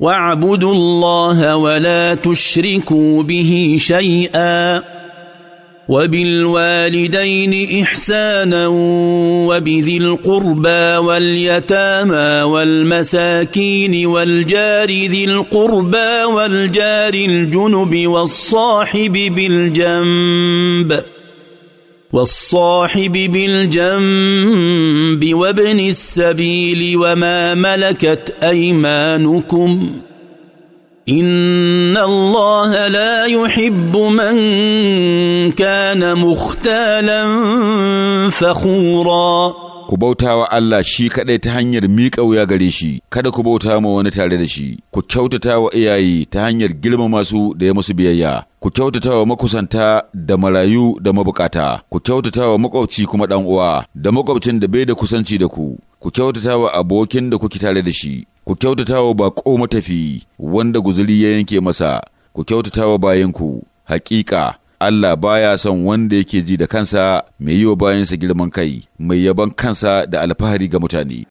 واعبدوا الله ولا تشركوا به شيئا وبالوالدين احسانا وبذي القربى واليتامى والمساكين والجار ذي القربى والجار الجنب والصاحب بالجنب والصاحب بالجنب وابن السبيل وما ملكت ايمانكم ان الله لا يحب من كان مختالا فخورا ku bauta wa Allah shi kaɗai ta hanyar miƙa wuya gare shi, kada ku bauta ma wani tare da shi, ku kyautata wa iyaye ta hanyar girmama masu da ya musu biyayya, ku kyautata wa makusanta da marayu da mabukata, ku kyautata wa makwabci kuma ɗan uwa da makwabcin da bai da kusanci da ku, ku kyautata wa abokin da kuke tare da shi, ku kyautata wa baƙo matafi wanda guzuri ya yanke masa, ku kyautata wa bayanku, haƙiƙa Allah baya son wanda yake ji da kansa mai yi wa bayansa girman kai, mai yaban kansa da alfahari ga mutane.